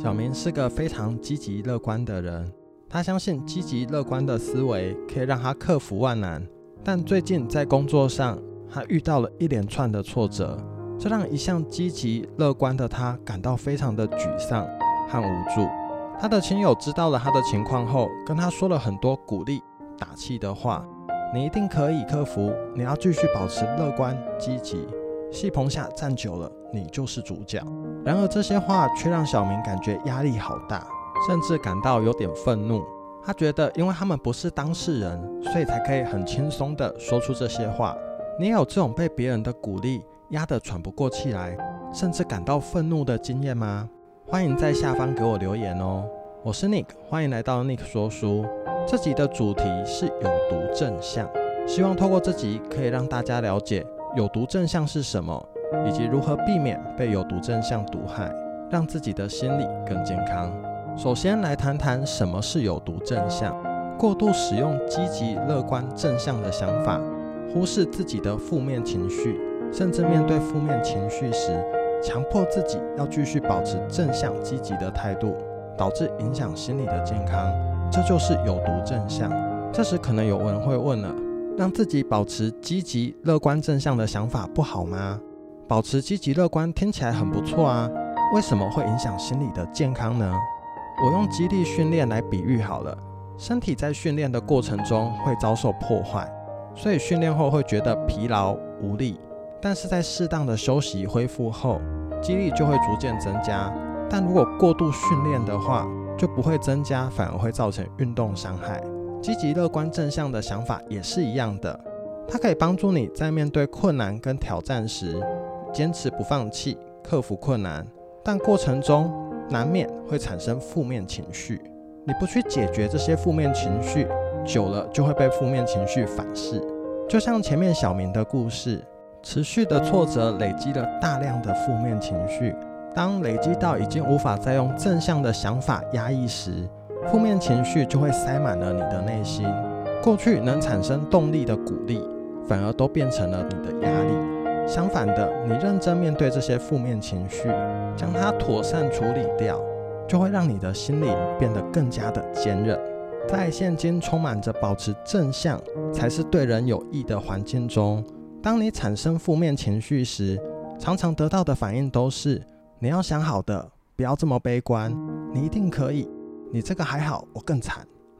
小明是個非常積極樂觀的人，他相信積極樂觀的思維可以讓他克服萬難。但最近在工作上，他遇到了一連串的挫折，這讓一向積極樂觀的他感到非常的沮喪和無助。他的親友知道了他的情況後，跟他說了很多鼓勵、打氣的話：“你一定可以克服，你要繼續保持樂觀積極。”戲棚下站久了，你就是主角。然而這些話卻讓小明感覺壓力好大，甚至感到有點憤怒。他覺得，因為他們不是當事人，所以才可以很輕鬆的說出這些話。你有這種被別人的鼓勵壓得喘不過氣來，甚至感到憤怒的經驗嗎？歡迎在下方給我留言哦。我是 Nick，歡迎來到 Nick 說書。這集的主題是有毒正向，希望透過這集可以讓大家了解。有毒正向是什麼，以及如何避免被有毒正向毒害，讓自己的心理更健康？首先來談談什麼是有毒正向。過度使用積極樂觀正向的想法，忽視自己的負面情緒，甚至面對負面情緒時，強迫自己要繼續保持正向積極的態度，導致影響心理的健康，這就是有毒正向。這時可能有人會問了。讓自己保持積極、樂觀、正向的想法不好嗎？保持積極樂觀聽起來很不錯啊，為什麼會影響心理的健康呢？我用肌力訓練來比喻好了，身體在訓練的過程中會遭受破壞，所以訓練後會覺得疲勞無力。但是在適當的休息恢復後，肌力就會逐漸增加。但如果過度訓練的話，就不會增加，反而會造成運動傷害。積極樂觀正向的想法也是一樣的，它可以幫助你在面對困難跟挑戰時堅持不放棄，克服困難。但過程中難免會產生負面情緒，你不去解決這些負面情緒，久了就會被負面情緒反噬。就像前面小明的故事，持續的挫折累積了大量的負面情緒，當累積到已經無法再用正向的想法壓抑時。負面情緒就會塞滿了你的內心，過去能產生動力的鼓勵，反而都變成了你的壓力。相反的，你認真面對這些負面情緒，將它妥善處理掉，就會讓你的心靈變得更加的堅韌。在現今充滿着保持正向才是對人有益的環境中，當你產生負面情緒時，常常得到的反應都是：你要想好的，不要這麼悲觀，你一定可以。你這個還好，我更慘。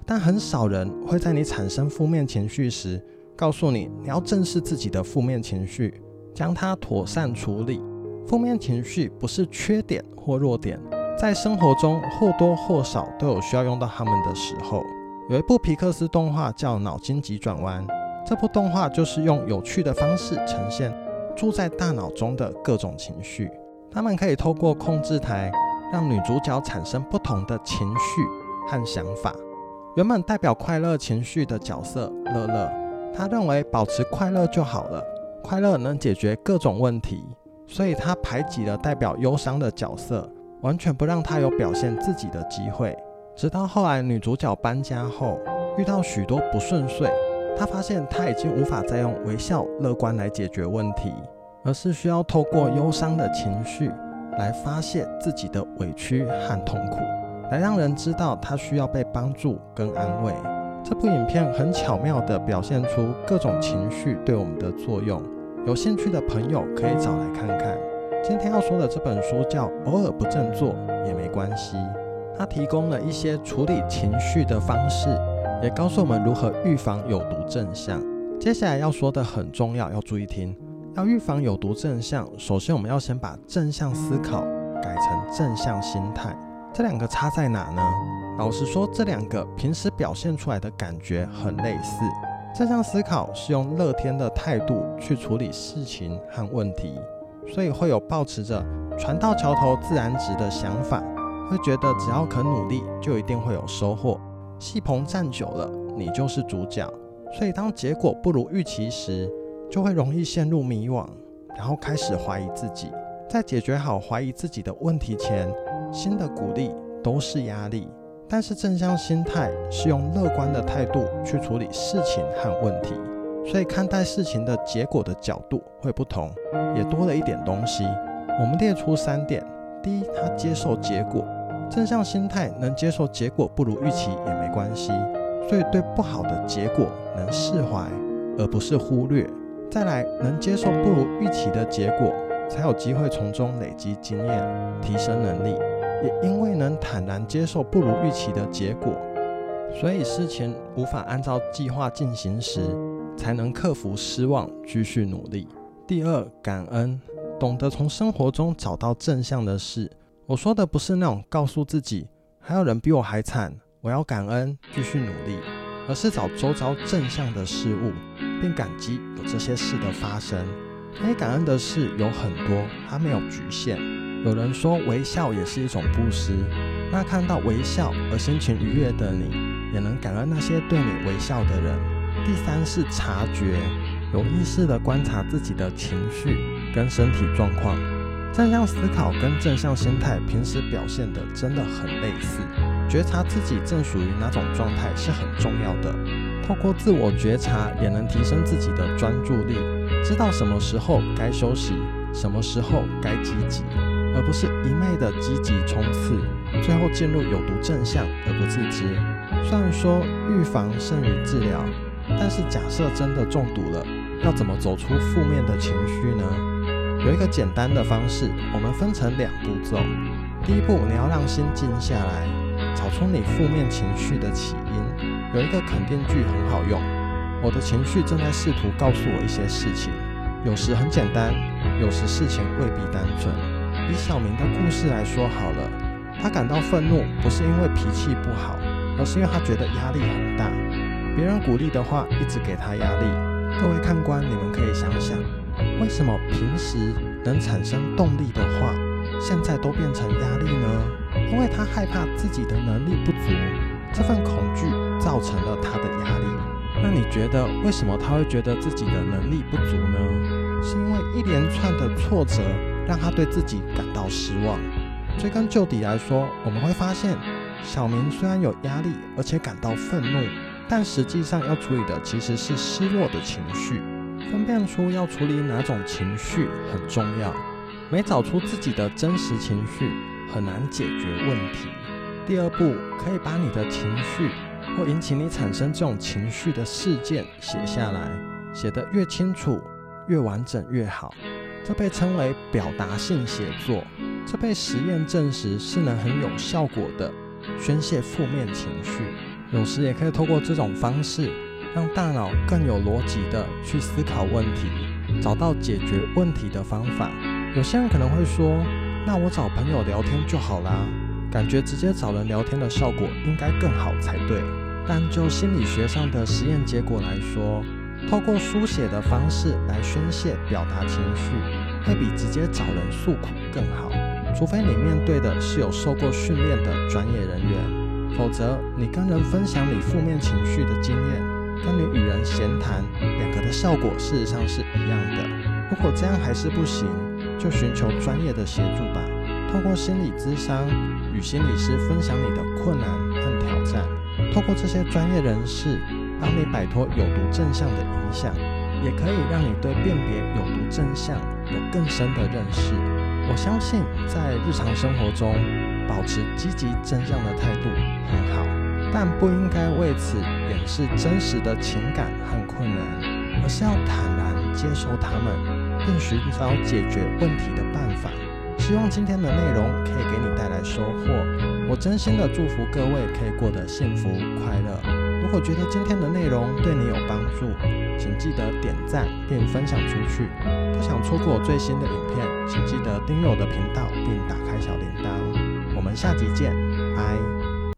但很少人會在你產生負面情緒時，告訴你，你要正視自己的負面情緒，將它妥善處理。負面情緒不是缺點或弱點，在生活中或多或少都有需要用到它們的時候。有一部皮克斯動畫叫《腦筋急轉彎》，這部動畫就是用有趣的方式呈現住在大腦中的各種情緒，他們可以透過控制台。讓女主角產生不同的情緒和想法。原本代表快樂情緒的角色樂樂，她認為保持快樂就好了，快樂能解決各種問題，所以她排擠了代表憂傷的角色，完全不讓她有表現自己的機會。直到後來女主角搬家後，遇到許多不順遂，她發現她已經無法再用微笑樂觀來解決問題，而是需要透過憂傷的情緒。來發洩自己的委屈和痛苦，來讓人知道他需要被幫助跟安慰。這部影片很巧妙地表現出各種情緒對我們的作用，有興趣的朋友可以找來看看。今天要說的這本書叫《偶爾不振作也沒關係》，它提供了一些處理情緒的方式，也告訴我們如何預防有毒正向。接下來要說的很重要，要注意聽。要預防有毒正向，首先我們要先把正向思考改成正向心態，這兩個差在哪呢？老實說，這兩個平時表現出來的感覺很類似。正向思考是用樂天的態度去處理事情和問題，所以會有抱持着“船到橋頭自然直”的想法，會覺得只要肯努力就一定會有收穫。戲棚站久了，你就是主角。所以當結果不如預期時，就會容易陷入迷惘，然後開始懷疑自己。在解決好懷疑自己的問題前，新的鼓勵都是壓力。但是正向心態是用樂觀的態度去處理事情和問題，所以看待事情的結果的角度會不同，也多了一點東西。我們列出三點：第一，他接受結果；正向心態能接受結果不如預期也沒關係，所以對不好的結果能釋懷，而不是忽略。再來，能接受不如預期的結果，才有機會從中累積經驗，提升能力。也因為能坦然接受不如預期的結果，所以事情無法按照計劃進行時，才能克服失望，繼續努力。第二，感恩，懂得從生活中找到正向的事。我說的不是那種告訴自己還有人比我還慘，我要感恩，繼續努力。而是找周遭正向的事物，並感激有這些事的發生。可以感恩的事有很多，它沒有侷限。有人說微笑也是一種布施，那看到微笑而心情愉悅的你，也能感恩那些對你微笑的人。第三是察覺，有意識地觀察自己的情緒跟身體狀況，正向思考跟正向心態平時表現得真的很類似。覺察自己正屬於哪種狀態是很重要的。透過自我覺察，也能提升自己的專注力，知道什麼時候該休息，什麼時候該積極，而不是一昧的積極衝刺，最後進入有毒正向而不自知。雖然說預防勝於治療，但是假設真的中毒了，要怎麼走出負面的情緒呢？有一個簡單的方式，我們分成兩步驟。第一步，你要讓心靜下來。找出你負面情緒的起因，有一個肯定句很好用。我的情緒正在試圖告訴我一些事情，有時很簡單，有時事情未必單純。以小明的故事來說好了，他感到憤怒不是因為脾氣不好，而是因為他覺得壓力很大。別人鼓勵的話一直給他壓力。各位看官，你們可以想想，為什麼平時能產生動力的話，現在都變成壓力呢？因為他害怕自己的能力不足，這份恐懼造成了他的壓力。那你覺得為什麼他會覺得自己的能力不足呢？是因為一連串的挫折讓他對自己感到失望。追根究底來說，我們會發現，小明雖然有壓力，而且感到憤怒，但實際上要處理的其實是失落的情緒。分辨出要處理哪種情緒很重要，沒找出自己的真實情緒，很難解決問題。第二步，可以把你的情緒或引起你產生這種情緒的事件寫下來，寫得越清楚、越完整越好。這被稱為表達性寫作，這被實驗證實是能很有效果的宣洩負面情緒。有時也可以通過這種方式讓大腦更有邏輯地去思考問題，找到解決問題的方法。有些人可能會說：那我找朋友聊天就好啦，感覺直接找人聊天的效果應該更好才對。但就心理學上的實驗結果來說，透過書寫的方式來宣洩表達情緒，會比直接找人訴苦更好。除非你面對的是有受過訓練的專業人員，否則你跟人分享你負面情緒的經驗，跟你與人閒談，兩個的效果事實上是一樣的。如果這樣還是不行。就尋求專業的協助吧。透過心理諮商與心理師分享你的困難和挑戰，透過這些專業人士，幫你擺脫有毒正向的影響，也可以讓你對辨別有毒正向有更深的認識。我相信，在日常生活中保持積極正向的態度很好，但不應該為此掩飾真實的情感和困難，而是要坦然接受他們。並尋找解決問題的辦法。希望今天的內容可以給你帶來收穫。我真心的祝福各位可以過得幸福快樂。如果覺得今天的內容對你有幫助，請記得點讚並分享出去。不想錯過我最新的影片，請記得訂閱我的頻道並打開小鈴鐺。我們下集見，拜。